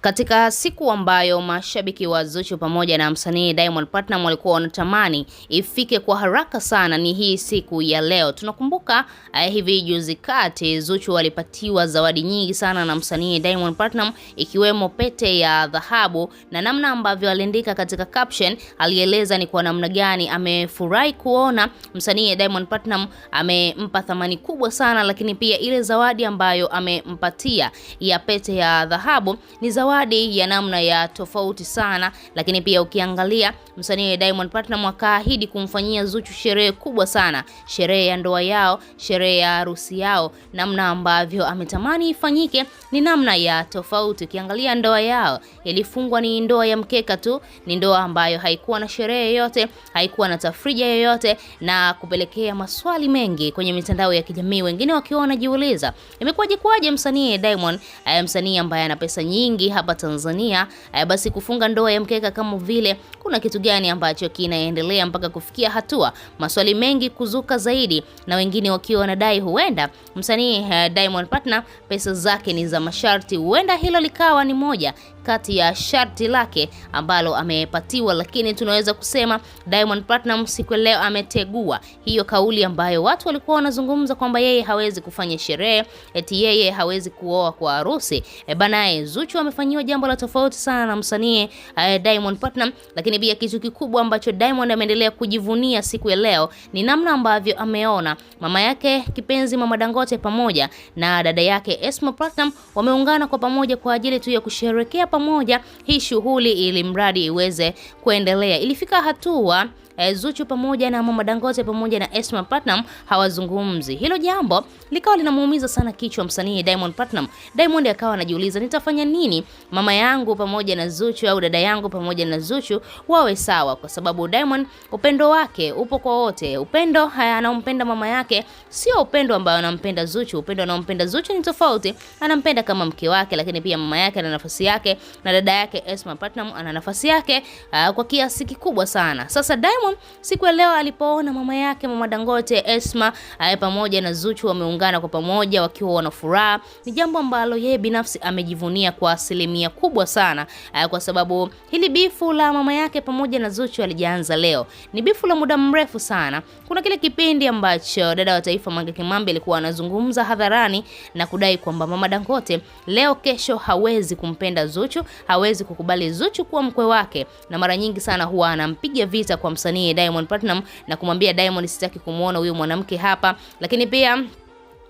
Katika siku ambayo mashabiki wa Zuchu pamoja na msanii Diamond Platnumz walikuwa wanatamani ifike kwa haraka sana, ni hii siku ya leo. Tunakumbuka uh, hivi juzi kati Zuchu alipatiwa zawadi nyingi sana na msanii Diamond Platnumz, ikiwemo pete ya dhahabu, na namna ambavyo aliandika katika caption, alieleza ni kwa namna gani amefurahi kuona msanii Diamond Platnumz amempa thamani kubwa sana, lakini pia ile zawadi ambayo amempatia ya pete ya dhahabu ni zawadi zawadi ya namna ya tofauti sana, lakini pia ukiangalia msanii wa Diamond Platnumz akaahidi kumfanyia Zuchu sherehe kubwa sana, sherehe ya ndoa yao, sherehe ya harusi yao. Namna ambavyo ametamani ifanyike ni namna ya tofauti. Ukiangalia ndoa yao ilifungwa, ni ndoa ya mkeka tu, ni ndoa ambayo haikuwa na sherehe yoyote, haikuwa na tafrija yoyote, na kupelekea maswali mengi kwenye mitandao ya kijamii, wengine wakiwa wanajiuliza imekuwaje kwaje msanii Diamond, eh, msanii ambaye ana pesa nyingi hapa Tanzania. e, basi, kufunga ndoa ya mkeka kama vile kuna kitu gani ambacho kinaendelea mpaka kufikia hatua maswali mengi kuzuka zaidi, na wengine wakiwa wanadai huenda msanii uh, Diamond Partner pesa zake ni za masharti. Huenda hilo likawa ni moja kati ya sharti lake ambalo amepatiwa, lakini tunaweza kusema Diamond Platinum siku leo ametegua hiyo kauli ambayo watu walikuwa wanazungumza kwamba yeye hawezi kufanya sherehe, eti yeye hawezi kuoa kwa harusi. E banaye, Zuchu amefanyiwa jambo la tofauti sana na msanii eh, Diamond Platinum, lakini pia kitu kikubwa ambacho Diamond ameendelea kujivunia siku ya leo ni namna ambavyo ameona mama yake kipenzi mama Dangote pamoja na dada yake Esma Platinum wameungana kwa pamoja kwa ajili tu ya kusherehekea pamoja hii shughuli ili mradi iweze kuendelea. Ilifika hatua e, Zuchu pamoja na Mama Dangote pamoja na Esma Platinum hawazungumzi. Hilo jambo likawa linamuumiza sana kichwa msanii Diamond Platinum. Diamond akawa anajiuliza nitafanya nini mama yangu pamoja na Zuchu au dada yangu pamoja na Zuchu wawe sawa, kwa sababu Diamond upendo wake upo kwa wote. Upendo anaompenda mama yake sio upendo ambao anampenda Zuchu. Upendo anaompenda Zuchu ni tofauti, anampenda kama mke wake, lakini pia mama yake ana nafasi yake na dada yake Esma Platinum ana nafasi yake uh, kwa kiasi kikubwa sana. Sasa Diamond siku ya leo alipoona mama yake mama Dangote Esma pamoja na Zuchu wameungana kwa pamoja wakiwa wana furaha, ni jambo ambalo yeye binafsi amejivunia kwa asilimia kubwa sana, kwa sababu hili bifu la mama yake pamoja na Zuchu alijaanza leo, ni bifu la muda mrefu sana. Kuna kile kipindi ambacho dada wa taifa Mange Kimambi alikuwa anazungumza hadharani na kudai kwamba mama Dangote leo kesho hawezi kumpenda Zuchu, hawezi kukubali Zuchu kuwa mkwe wake, na mara nyingi sana huwa anampiga vita kwa msanii msanii Diamond Platinum na kumwambia Diamond, sitaki kumuona huyo mwanamke hapa, lakini pia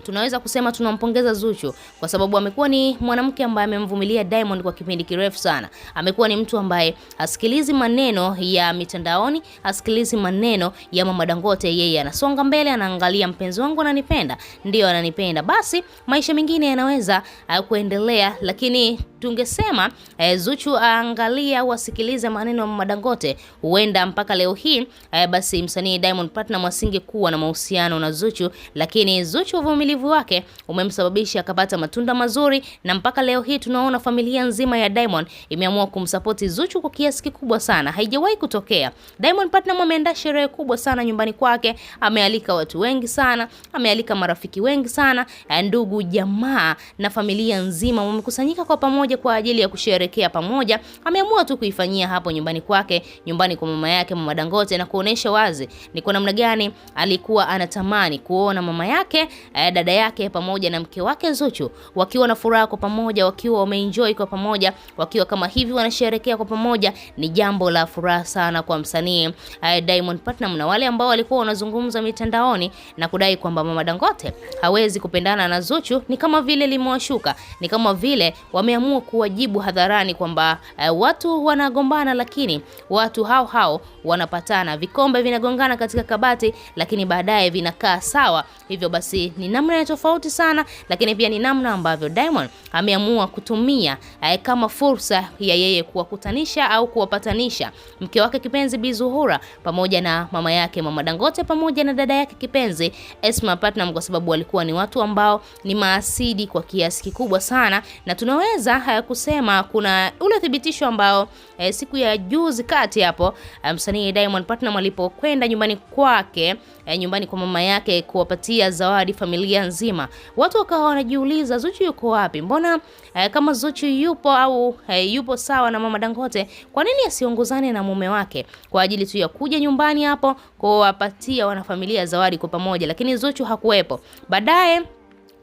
tunaweza kusema tunampongeza Zuchu kwa sababu amekuwa ni mwanamke ambaye amemvumilia Diamond kwa kipindi kirefu sana. Amekuwa ni mtu ambaye hasikilizi maneno ya mitandaoni, hasikilizi maneno ya mama Dangote. Yeye anasonga mbele, anaangalia mpenzi wangu ananipenda, ndiyo ananipenda, basi maisha mengine yanaweza uh, kuendelea, lakini tungesema e, Zuchu aangalia au asikilize maneno ya Madangote, huenda mpaka leo hii e, basi msanii Diamond Platnumz asingekuwa na mahusiano na Zuchu, lakini Zuchu uvumilivu wake umemsababisha akapata matunda mazuri, na mpaka leo hii tunaona familia nzima ya Diamond imeamua kumsapoti Zuchu kwa kiasi kikubwa sana, haijawahi kutokea. Diamond Platnumz ameandaa sherehe kubwa sana nyumbani kwake, amealika watu wengi sana, amealika marafiki wengi sana, eh, ndugu jamaa na familia nzima wamekusanyika kwa pamoja pamoja kwa ajili ya kusherekea pamoja, ameamua tu kuifanyia hapo nyumbani kwake, nyumbani kwa mama yake, mama Dangote, na kuonesha wazi ni kwa namna gani alikuwa anatamani kuona mama yake, eh, dada yake pamoja na mke wake Zuchu wakiwa na furaha kwa pamoja, wakiwa wameenjoy kwa pamoja, wakiwa kama hivi wanasherekea kwa pamoja. Ni jambo la furaha sana kwa msanii eh, Diamond Platnumz na wale ambao walikuwa wanazungumza mitandaoni na kudai kwamba mama Dangote hawezi kupendana na Zuchu, ni kama vile limewashuka, ni kama vile wameamua kuwajibu hadharani kwamba uh, watu wanagombana, lakini watu hao hao wanapatana. Vikombe vinagongana katika kabati, lakini baadaye vinakaa sawa. Hivyo basi ni namna ya tofauti sana, lakini pia ni namna ambavyo Diamond ameamua kutumia uh, kama fursa ya yeye kuwakutanisha au kuwapatanisha mke wake kipenzi Bi Zuhura pamoja na mama yake mama Dangote pamoja na dada yake kipenzi Esma Platinum, kwa sababu walikuwa ni watu ambao ni maasidi kwa kiasi kikubwa sana, na tunaweza mamlaka ya kusema kuna ule thibitisho ambao e, siku ya juzi kati hapo eh, msanii Diamond Platnumz alipokwenda nyumbani kwake e, nyumbani kwa mama yake kuwapatia zawadi familia nzima, watu wakawa wanajiuliza Zuchu yuko wapi? Mbona e, kama Zuchu yupo au e, yupo sawa na mama Dangote, kwa nini asiongozane na mume wake kwa ajili tu ya kuja nyumbani hapo kuwapatia wanafamilia zawadi kwa pamoja? Lakini Zuchu hakuwepo. Baadaye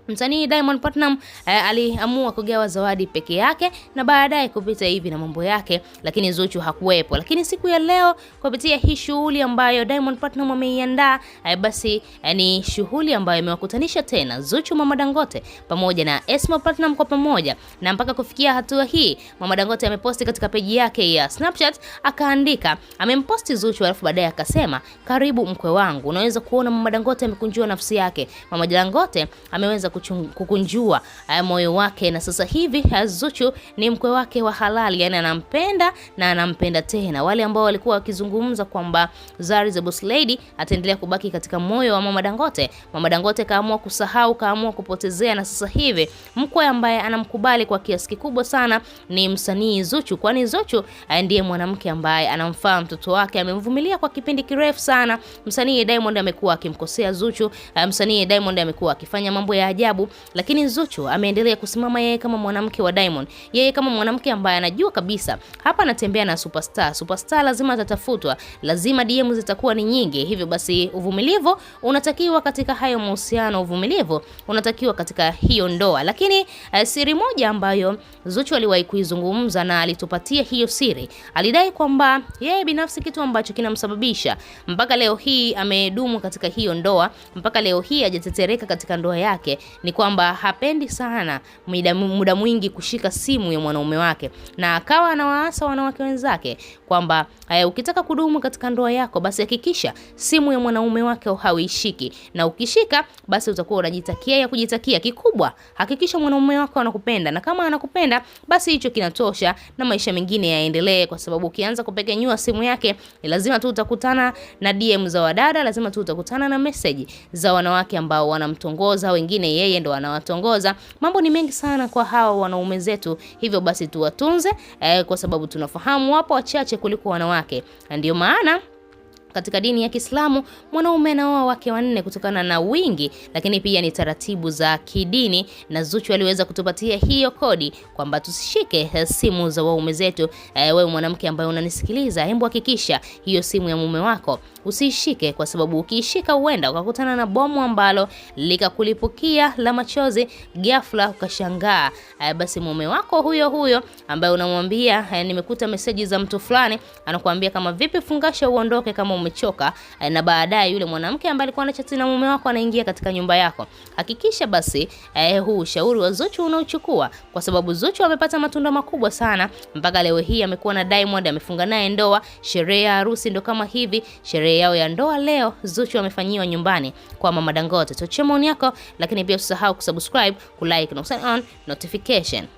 Msanii Diamond Platinum eh, aliamua kugawa zawadi peke yake na baadaye kupita hivi na mambo yake, lakini Zuchu hakuwepo. Lakini siku ya leo kupitia hii shughuli ambayo Diamond Platinum ameiandaa eh, basi eh, ni shughuli ambayo imewakutanisha tena Zuchu, Mama Dangote pamoja na Esma Platinum kwa pamoja, na mpaka kufikia hatua hii Mama Dangote ameposti katika peji yake ya Snapchat akaandika, amemposti Zuchu alafu baadaye akasema, karibu mkwe wangu. Unaweza kuona Mama Dangote amekunjua nafsi yake. Mama Dangote ameweza kukunjua eh, moyo wake, na sasa hivi eh, Zuchu ni mkwe wake wa halali, yani anampenda na anampenda tena. Wale ambao walikuwa wakizungumza kwamba Zari the Boss Lady ataendelea kubaki katika moyo wa Mama Dangote, Mama Dangote kaamua kusahau, kaamua kupotezea, na sasa hivi mkwe ambaye anamkubali kwa kiasi kikubwa sana ni msanii Zuchu, kwani Zuchu eh, ndiye mwanamke ambaye anamfaa mtoto wake, amemvumilia kwa kipindi kirefu sana. Msanii Diamond amekuwa akimkosea Zuchu, msanii Diamond amekuwa akifanya mambo ya ajabu ajabu, lakini Zuchu ameendelea kusimama yeye kama mwanamke wa Diamond, yeye kama mwanamke ambaye anajua kabisa hapa anatembea na superstar. Superstar lazima atatafutwa, lazima DM zitakuwa ni nyingi. Hivyo basi uvumilivu unatakiwa katika hayo mahusiano, uvumilivu unatakiwa katika hiyo ndoa. Lakini uh, siri moja ambayo Zuchu aliwahi kuizungumza na alitupatia hiyo siri, alidai kwamba yeye binafsi kitu ambacho kinamsababisha mpaka leo hii amedumu katika hiyo ndoa, mpaka leo hii hajatetereka katika ndoa yake ni kwamba hapendi sana muda, mwingi kushika simu ya mwanaume wake, na akawa anawaasa wanawake wenzake kwamba ukitaka kudumu katika ndoa yako, basi hakikisha simu ya mwanaume wake hauishiki, na ukishika basi utakuwa unajitakia ya kujitakia. Kikubwa hakikisha mwanaume wako anakupenda, na kama anakupenda basi hicho kinatosha, na maisha mengine yaendelee, kwa sababu ukianza kupekenyua simu yake lazima tu utakutana na DM za wadada, lazima tu utakutana na message za wanawake ambao wanamtongoza wengine yeye ndo anawatongoza. Mambo ni mengi sana kwa hawa wanaume zetu, hivyo basi tuwatunze eh, kwa sababu tunafahamu wapo wachache kuliko wanawake, ndio maana katika dini ya Kiislamu mwanaume anaoa wake wanne kutokana na wingi, lakini pia ni taratibu za kidini, na Zuchu aliweza kutupatia hiyo kodi kwamba tusishike eh, simu za waume zetu. E, wewe mwanamke ambaye unanisikiliza, hebu hakikisha hiyo simu ya mume wako usiishike, kwa sababu ukiishika huenda ukakutana na bomu ambalo likakulipukia la machozi ghafla, ukashangaa. E, basi mume wako huyo huyo ambaye unamwambia e, nimekuta meseji za mtu fulani, anakuambia kama vipi, fungasha uondoke kama ume umechoka eh, na baadaye yule mwanamke ambaye alikuwa anachati na mume wako anaingia katika nyumba yako. Hakikisha basi eh, huu ushauri wa Zuchu unaochukua, kwa sababu Zuchu amepata matunda makubwa sana mpaka leo hii amekuwa na Diamond, amefunga naye ndoa. Sherehe ya harusi ndo kama hivi, sherehe yao ya ndoa leo Zuchu amefanyiwa nyumbani kwa mama Dangote. Tochea maoni yako, lakini pia usisahau kusubscribe, kulike na on notification.